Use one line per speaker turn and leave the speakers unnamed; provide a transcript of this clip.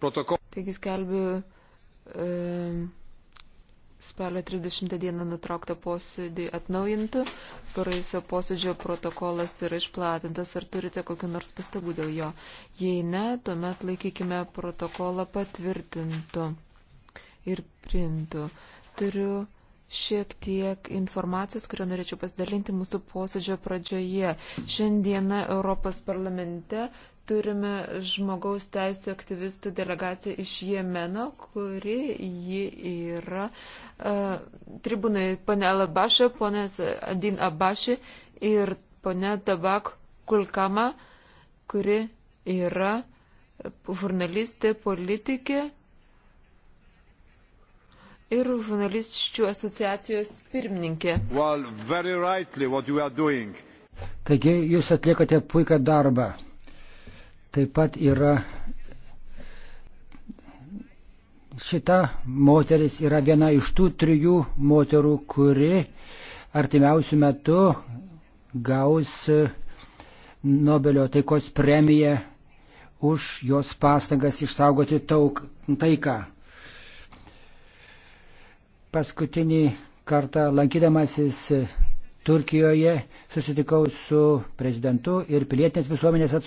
Protokol.
Taigi skelbiu e, spalio 30 dieną nutrauktą posėdį atnaujintų. Praėjusio posėdžio protokolas yra išplatintas. Ar turite kokiu nors pastabų dėl jo? Jei ne, tuomet laikykime protokolą patvirtintų ir priimtų. Turiu šiek tiek informacijos, kurią norėčiau pasidalinti mūsų posėdžio pradžioje. Šiandieną Europos parlamente turime žmogaus teisų aktyvistų delegaciją iš Jemeno, kuri ji yra uh, e, tribūnai pane Alabašė, ponas Adin Abašė ir pane Tabak Kulkama, kuri yra žurnalistė, politikė ir žurnalistų asociacijos pirmininkė.
Well, rightly,
Taigi jūs atliekate puikią darbą. Taip pat yra šita moteris yra viena iš tų trijų moterų, kuri artimiausių metų gaus Nobelio taikos premiją už jos pastangas išsaugoti tauk, taiką. Paskutinį kartą lankydamasis Turkijoje susitikau su prezidentu ir pilietinės visuomenės atstovais.